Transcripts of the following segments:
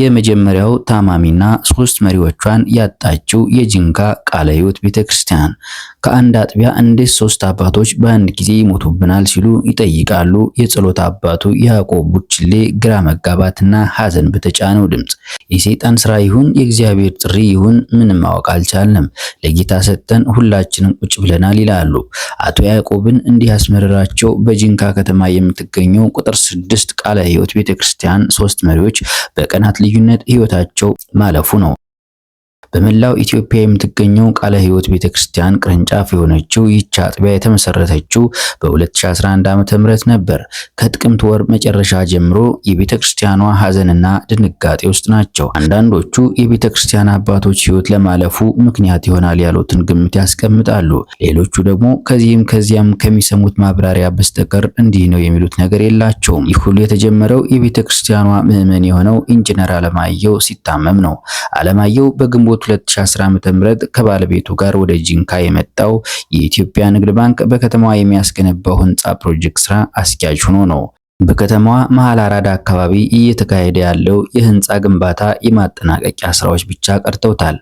የመጀመሪያው ታማሚና ሶስት መሪዎቿን ያጣችው የጅንካ ቃለ ሕይወት ቤተክርስቲያን ከአንድ አጥቢያ እንዴት ሶስት አባቶች በአንድ ጊዜ ይሞቱብናል ሲሉ ይጠይቃሉ። የጸሎት አባቱ ያዕቆብ ቡችሌ ግራ መጋባትና ሐዘን በተጫነው ድምፅ የሰይጣን ስራ ይሁን የእግዚአብሔር ጥሪ ይሁን ምንም ማወቅ አልቻለም። ለጌታ ሰጠን ሁላችንም ቁጭ ብለናል ይላሉ። አቶ ያዕቆብን እንዲህ ያስመረራቸው በጅንካ ከተማ የምትገኘው ቁጥር ስድስት ቃለ ሕይወት ቤተክርስቲያን ሶስት መሪዎች በቀናት ልዩነት ህይወታቸው ማለፉ ነው። በመላው ኢትዮጵያ የምትገኘው ቃለ ሕይወት ቤተክርስቲያን ቅርንጫፍ የሆነችው ይህች አጥቢያ የተመሰረተችው በ2011 ዓ.ም ነበር። ከጥቅምት ወር መጨረሻ ጀምሮ የቤተክርስቲያኗ ሐዘንና ድንጋጤ ውስጥ ናቸው። አንዳንዶቹ የቤተክርስቲያን አባቶች ሕይወት ለማለፉ ምክንያት ይሆናል ያሉትን ግምት ያስቀምጣሉ። ሌሎቹ ደግሞ ከዚህም ከዚያም ከሚሰሙት ማብራሪያ በስተቀር እንዲህ ነው የሚሉት ነገር የላቸውም። ይህ ሁሉ የተጀመረው የቤተክርስቲያኗ ምዕመን የሆነው ኢንጂነር አለማየሁ ሲታመም ነው። አለማየሁ በግንቦት ግንቦት 2010 ዓ.ም ከባለቤቱ ጋር ወደ ጂንካ የመጣው የኢትዮጵያ ንግድ ባንክ በከተማዋ የሚያስገነባው ህንፃ ፕሮጀክት ስራ አስኪያጅ ሆኖ ነው። በከተማዋ መሃል አራዳ አካባቢ እየተካሄደ ያለው የህንፃ ግንባታ የማጠናቀቂያ ስራዎች ብቻ ቀርተውታል።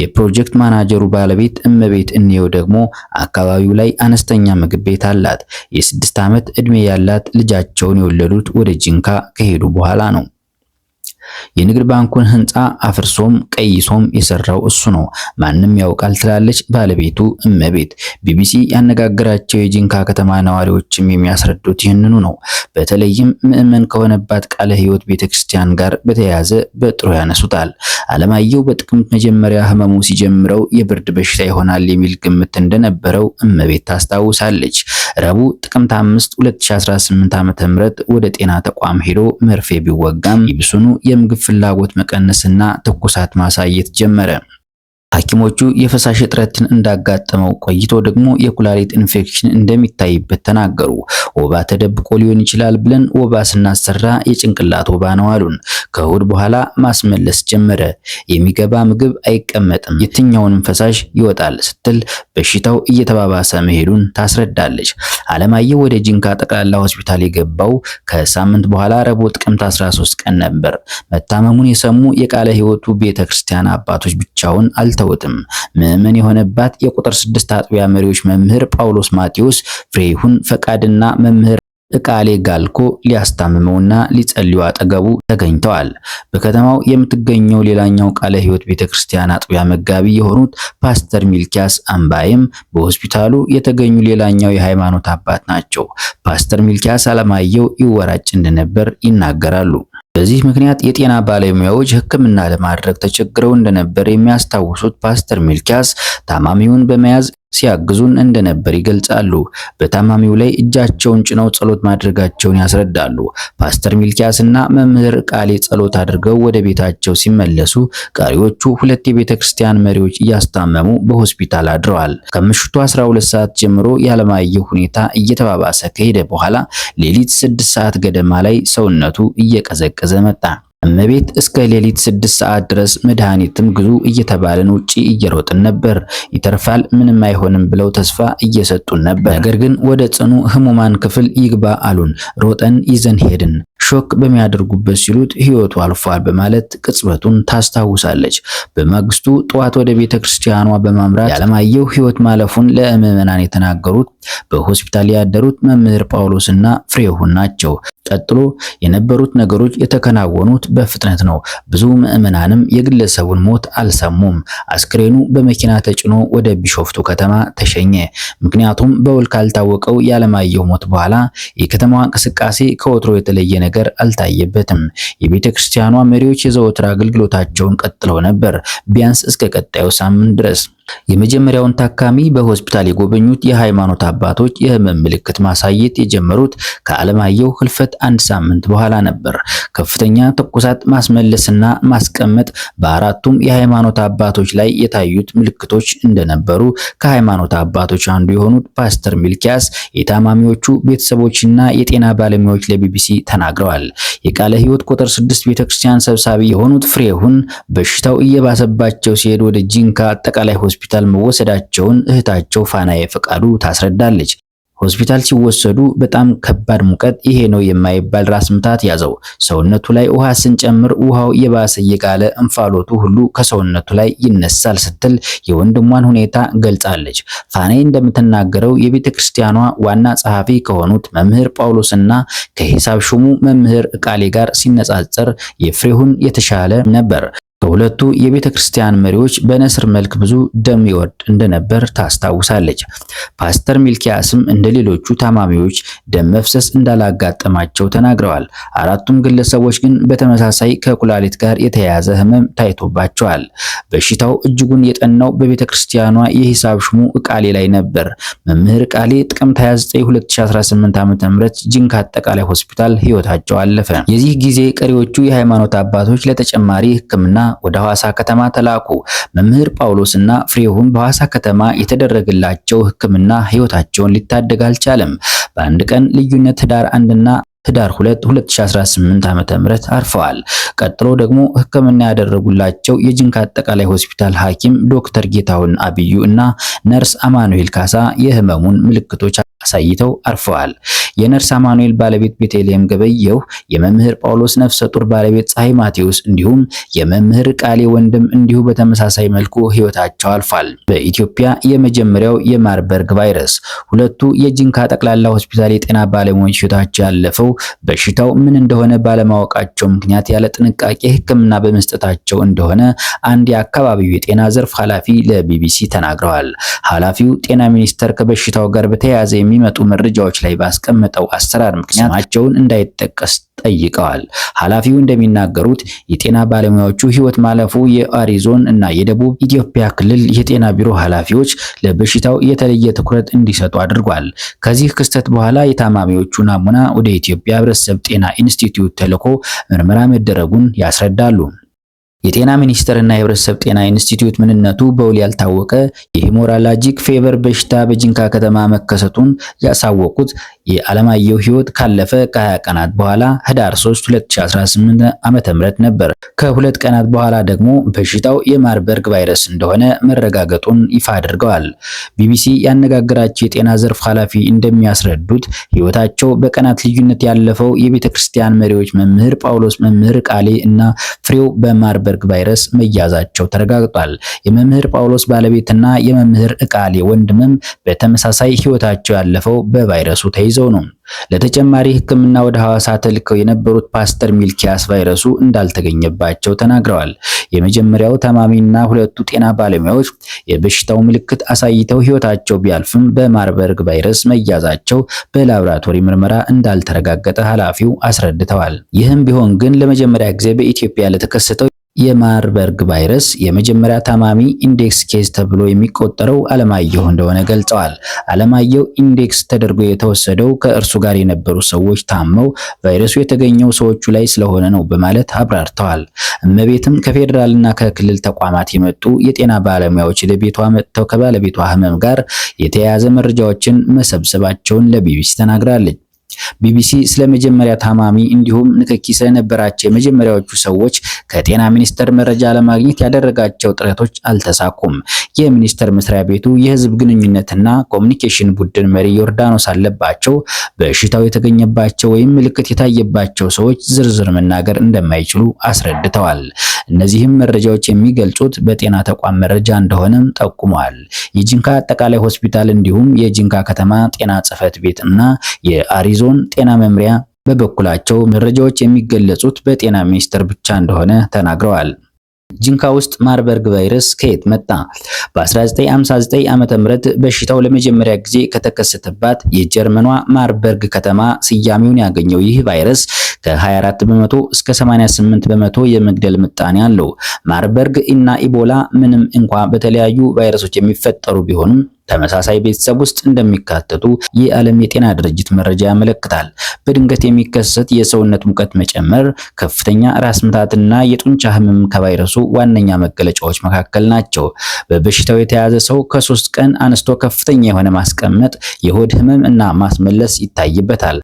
የፕሮጀክት ማናጀሩ ባለቤት እመቤት እንየው ደግሞ አካባቢው ላይ አነስተኛ ምግብ ቤት አላት። የስድስት ዓመት ዕድሜ ያላት ልጃቸውን የወለዱት ወደ ጂንካ ከሄዱ በኋላ ነው። የንግድ ባንኩን ህንፃ አፍርሶም ቀይሶም የሰራው እሱ ነው፣ ማንም ያውቃል ትላለች ባለቤቱ እመቤት። ቢቢሲ ያነጋገራቸው የጂንካ ከተማ ነዋሪዎችም የሚያስረዱት ይህንኑ ነው። በተለይም ምዕመን ከሆነባት ቃለ ህይወት ቤተክርስቲያን ጋር በተያያዘ በጥሩ ያነሱታል። አለማየሁ በጥቅምት መጀመሪያ ህመሙ ሲጀምረው የብርድ በሽታ ይሆናል የሚል ግምት እንደነበረው እመቤት ታስታውሳለች። ረቡዕ ጥቅምት 5 2018 ዓ.ም ወደ ጤና ተቋም ሄዶ መርፌ ቢወጋም ይብሱኑ የምግብ ፍላጎት መቀነስና ትኩሳት ማሳየት ጀመረ። ሐኪሞቹ የፈሳሽ እጥረትን እንዳጋጠመው ቆይቶ ደግሞ የኩላሊት ኢንፌክሽን እንደሚታይበት ተናገሩ። ወባ ተደብቆ ሊሆን ይችላል ብለን ወባ ስናሰራ የጭንቅላት ወባ ነው አሉን። ከእሁድ በኋላ ማስመለስ ጀመረ። የሚገባ ምግብ አይቀመጥም፣ የትኛውንም ፈሳሽ ይወጣል ስትል በሽታው እየተባባሰ መሄዱን ታስረዳለች። አለማየሁ ወደ ጂንካ ጠቅላላ ሆስፒታል የገባው ከሳምንት በኋላ ረቡዕ ጥቅምት 13 ቀን ነበር። መታመሙን የሰሙ የቃለ ሕይወቱ ቤተክርስቲያን አባቶች ብቻውን አልተ አልተወጥም። ምዕመን የሆነባት የቁጥር ስድስት አጥቢያ መሪዎች መምህር ጳውሎስ ማቴዎስ ፍሬሁን ፈቃድና መምህር እቃሌ ጋልኮ ሊያስታምመውና ሊጸልዩ አጠገቡ ተገኝተዋል። በከተማው የምትገኘው ሌላኛው ቃለ ሕይወት ቤተክርስቲያን አጥቢያ መጋቢ የሆኑት ፓስተር ሚልኪያስ አምባይም በሆስፒታሉ የተገኙ ሌላኛው የሃይማኖት አባት ናቸው። ፓስተር ሚልኪያስ አለማየሁ ይወራጭ እንደነበር ይናገራሉ። በዚህ ምክንያት የጤና ባለሙያዎች ሕክምና ለማድረግ ተቸግረው እንደነበር የሚያስታውሱት ፓስተር ሚልኪያስ ታማሚውን በመያዝ ሲያግዙን እንደነበር ይገልጻሉ። በታማሚው ላይ እጃቸውን ጭነው ጸሎት ማድረጋቸውን ያስረዳሉ። ፓስተር ሚልኪያስ እና መምህር ቃሌ ጸሎት አድርገው ወደ ቤታቸው ሲመለሱ ቀሪዎቹ ሁለት የቤተ ክርስቲያን መሪዎች እያስታመሙ በሆስፒታል አድረዋል። ከምሽቱ 12 ሰዓት ጀምሮ የአለማየሁ ሁኔታ እየተባባሰ ከሄደ በኋላ ሌሊት 6 ሰዓት ገደማ ላይ ሰውነቱ እየቀዘቀዘ መጣ። እመቤት እስከ ሌሊት ስድስት ሰዓት ድረስ መድኃኒትም ግዙ እየተባለን ውጪ እየሮጥን ነበር። ይተርፋል ምንም አይሆንም ብለው ተስፋ እየሰጡን ነበር። ነገር ግን ወደ ጽኑ ህሙማን ክፍል ይግባ አሉን። ሮጠን ይዘን ሄድን። ሾክ በሚያደርጉበት ሲሉት ህይወቱ አልፏል በማለት ቅጽበቱን ታስታውሳለች። በማግስቱ ጠዋት ወደ ቤተ ክርስቲያኗ በማምራት የዓለማየሁ ህይወት ማለፉን ለምዕመናን የተናገሩት በሆስፒታል ያደሩት መምህር ጳውሎስና ፍሬሁን ናቸው። ቀጥሎ የነበሩት ነገሮች የተከናወኑት በፍጥነት ነው። ብዙ ምዕመናንም የግለሰቡን ሞት አልሰሙም። አስክሬኑ በመኪና ተጭኖ ወደ ቢሾፍቱ ከተማ ተሸኘ። ምክንያቱም በውል ካልታወቀው የዓለማየሁ ሞት በኋላ የከተማዋ እንቅስቃሴ ከወትሮ የተለየ ነገር አልታየበትም። የቤተ ክርስቲያኗ መሪዎች የዘወትር አገልግሎታቸውን ቀጥለው ነበር ቢያንስ እስከ ቀጣዩ ሳምንት ድረስ። የመጀመሪያውን ታካሚ በሆስፒታል የጎበኙት የሃይማኖት አባቶች የህመም ምልክት ማሳየት የጀመሩት ከዓለማየሁ ህልፈት አንድ ሳምንት በኋላ ነበር። ከፍተኛ ትኩሳት፣ ማስመለስና ማስቀመጥ በአራቱም የሃይማኖት አባቶች ላይ የታዩት ምልክቶች እንደነበሩ ከሃይማኖት አባቶች አንዱ የሆኑት ፓስተር ሚልኪያስ የታማሚዎቹ ቤተሰቦችና የጤና ባለሙያዎች ለቢቢሲ ተናግረዋል። የቃለ ህይወት ቁጥር ስድስት ቤተክርስቲያን ሰብሳቢ የሆኑት ፍሬሁን በሽታው እየባሰባቸው ሲሄድ ወደ ጂንካ አጠቃላይ ሆስፒታል ሆስፒታል መወሰዳቸውን እህታቸው ፋናዬ ፈቃዱ ታስረዳለች። ሆስፒታል ሲወሰዱ በጣም ከባድ ሙቀት፣ ይሄ ነው የማይባል ራስ ምታት ያዘው። ሰውነቱ ላይ ውሃ ስንጨምር ውሃው የባሰ እየጋለ እንፋሎቱ ሁሉ ከሰውነቱ ላይ ይነሳል ስትል የወንድሟን ሁኔታ ገልጻለች። ፋናዬ እንደምትናገረው የቤተ ክርስቲያኗ ዋና ጸሐፊ ከሆኑት መምህር ጳውሎስና ከሂሳብ ሹሙ መምህር ቃሌ ጋር ሲነጻጸር የፍሬሁን የተሻለ ነበር። ከሁለቱ የቤተ ክርስቲያን መሪዎች በነስር መልክ ብዙ ደም ይወርድ እንደነበር ታስታውሳለች። ፓስተር ሚልኪያስም እንደ ሌሎቹ ታማሚዎች ደም መፍሰስ እንዳላጋጠማቸው ተናግረዋል። አራቱም ግለሰቦች ግን በተመሳሳይ ከኩላሊት ጋር የተያያዘ ህመም ታይቶባቸዋል። በሽታው እጅጉን የጠናው በቤተ ክርስቲያኗ የሂሳብ ሹሙ እቃሌ ላይ ነበር። መምህር ቃሌ ጥቅምት 29 2018 ዓ.ም ጂንካ አጠቃላይ ሆስፒታል ህይወታቸው አለፈ። የዚህ ጊዜ ቀሪዎቹ የሃይማኖት አባቶች ለተጨማሪ ህክምና ወደ ሐዋሳ ከተማ ተላኩ። መምህር ጳውሎስና ፍሬሁን በሐዋሳ ከተማ የተደረገላቸው ሕክምና ህይወታቸውን ሊታደግ አልቻለም። በአንድ ቀን ልዩነት ህዳር አንድና ህዳር 2 2018 ዓመተ ምህረት አርፈዋል። ቀጥሎ ደግሞ ህክምና ያደረጉላቸው የጅንካ አጠቃላይ ሆስፒታል ሐኪም ዶክተር ጌታሁን አብዩ እና ነርስ አማኑኤል ካሳ የህመሙን ምልክቶች አሳይተው አርፈዋል። የነርስ አማኑኤል ባለቤት ቤተልሔም ገበየሁ፣ የመምህር ጳውሎስ ነፍሰ ጡር ባለቤት ፀሐይ ማቴዎስ እንዲሁም የመምህር ቃሌ ወንድም እንዲሁ በተመሳሳይ መልኩ ህይወታቸው አልፏል። በኢትዮጵያ የመጀመሪያው የማርበርግ ቫይረስ፣ ሁለቱ የጂንካ ጠቅላላ ሆስፒታል የጤና ባለሙያዎች ህይወታቸው ያለፈው በሽታው ምን እንደሆነ ባለማወቃቸው ምክንያት ያለ ጥንቃቄ ህክምና በመስጠታቸው እንደሆነ አንድ የአካባቢው የጤና ዘርፍ ኃላፊ ለቢቢሲ ተናግረዋል። ኃላፊው ጤና ሚኒስቴር ከበሽታው ጋር በተያያዘ በሚመጡ መረጃዎች ላይ ባስቀመጠው አሰራር ምክንያት ስማቸውን እንዳይጠቀስ ጠይቀዋል። ኃላፊው እንደሚናገሩት የጤና ባለሙያዎቹ ሕይወት ማለፉ የአሪዞን እና የደቡብ ኢትዮጵያ ክልል የጤና ቢሮ ኃላፊዎች ለበሽታው የተለየ ትኩረት እንዲሰጡ አድርጓል። ከዚህ ክስተት በኋላ የታማሚዎቹ ናሙና ወደ ኢትዮጵያ ሕብረተሰብ ጤና ኢንስቲትዩት ተልኮ ምርመራ መደረጉን ያስረዳሉ። የጤና ሚኒስቴርና የህብረተሰብ ጤና ኢንስቲትዩት ምንነቱ በውል ያልታወቀ የሂሞራላጂክ ፌቨር በሽታ በጂንካ ከተማ መከሰቱን ያሳወቁት የዓለማየሁ ህይወት ካለፈ ከ20 ቀናት በኋላ ህዳር 3 2018 ዓ.ም ነበር። ከሁለት ቀናት በኋላ ደግሞ በሽታው የማርበርግ ቫይረስ እንደሆነ መረጋገጡን ይፋ አድርገዋል። ቢቢሲ ያነጋገራቸው የጤና ዘርፍ ኃላፊ እንደሚያስረዱት ህይወታቸው በቀናት ልዩነት ያለፈው የቤተክርስቲያን መሪዎች መምህር ጳውሎስ መምህር ቃሌ እና ፍሬው በማርበርግ የማርበርግ ቫይረስ መያዛቸው ተረጋግጧል። የመምህር ጳውሎስ ባለቤትና የመምህር እቃሌ ወንድምም በተመሳሳይ ሕይወታቸው ያለፈው በቫይረሱ ተይዘው ነው። ለተጨማሪ ሕክምና ወደ ሐዋሳ ተልከው የነበሩት ፓስተር ሚልኪያስ ቫይረሱ እንዳልተገኘባቸው ተናግረዋል። የመጀመሪያው ታማሚና ሁለቱ ጤና ባለሙያዎች የበሽታው ምልክት አሳይተው ሕይወታቸው ቢያልፍም በማርበርግ ቫይረስ መያዛቸው በላብራቶሪ ምርመራ እንዳልተረጋገጠ ኃላፊው አስረድተዋል። ይህም ቢሆን ግን ለመጀመሪያ ጊዜ በኢትዮጵያ ለተከሰተው የማርበርግ ቫይረስ የመጀመሪያ ታማሚ ኢንዴክስ ኬዝ ተብሎ የሚቆጠረው አለማየሁ እንደሆነ ገልጸዋል። አለማየሁ ኢንዴክስ ተደርጎ የተወሰደው ከእርሱ ጋር የነበሩ ሰዎች ታመው ቫይረሱ የተገኘው ሰዎቹ ላይ ስለሆነ ነው በማለት አብራርተዋል። እመቤትም ከፌዴራልና ከክልል ተቋማት የመጡ የጤና ባለሙያዎች ለቤቷ መጥተው ከባለቤቷ ህመም ጋር የተያያዘ መረጃዎችን መሰብሰባቸውን ለቢቢሲ ተናግራለች። ቢቢሲ ስለ መጀመሪያ ታማሚ እንዲሁም ንክኪ ስለነበራቸው የመጀመሪያዎቹ ሰዎች ከጤና ሚኒስቴር መረጃ ለማግኘት ያደረጋቸው ጥረቶች አልተሳኩም። የሚኒስቴር መስሪያ ቤቱ የሕዝብ ግንኙነትና ኮሚኒኬሽን ቡድን መሪ ዮርዳኖስ አለባቸው በሽታው የተገኘባቸው ወይም ምልክት የታየባቸው ሰዎች ዝርዝር መናገር እንደማይችሉ አስረድተዋል። እነዚህም መረጃዎች የሚገልጹት በጤና ተቋም መረጃ እንደሆነም ጠቁመዋል። የጂንካ አጠቃላይ ሆስፒታል እንዲሁም የጂንካ ከተማ ጤና ጽሕፈት ቤት እና የአሪዞ ዞን ጤና መምሪያ በበኩላቸው መረጃዎች የሚገለጹት በጤና ሚኒስቴር ብቻ እንደሆነ ተናግረዋል። ጂንካ ውስጥ ማርበርግ ቫይረስ ከየት መጣ? በ1959 ዓመተ ምህረት በሽታው ለመጀመሪያ ጊዜ ከተከሰተባት የጀርመኗ ማርበርግ ከተማ ስያሜውን ያገኘው ይህ ቫይረስ ከ24 በመቶ እስከ 88 በመቶ የመግደል ምጣኔ አለው። ማርበርግ እና ኢቦላ ምንም እንኳ በተለያዩ ቫይረሶች የሚፈጠሩ ቢሆንም ተመሳሳይ ቤተሰብ ውስጥ እንደሚካተቱ የዓለም የጤና ድርጅት መረጃ ያመለክታል። በድንገት የሚከሰት የሰውነት ሙቀት መጨመር፣ ከፍተኛ ራስ ምታትና የጡንቻ ህመም ከቫይረሱ ዋነኛ መገለጫዎች መካከል ናቸው። በበሽታው የተያዘ ሰው ከሶስት ቀን አንስቶ ከፍተኛ የሆነ ማስቀመጥ፣ የሆድ ህመም እና ማስመለስ ይታይበታል።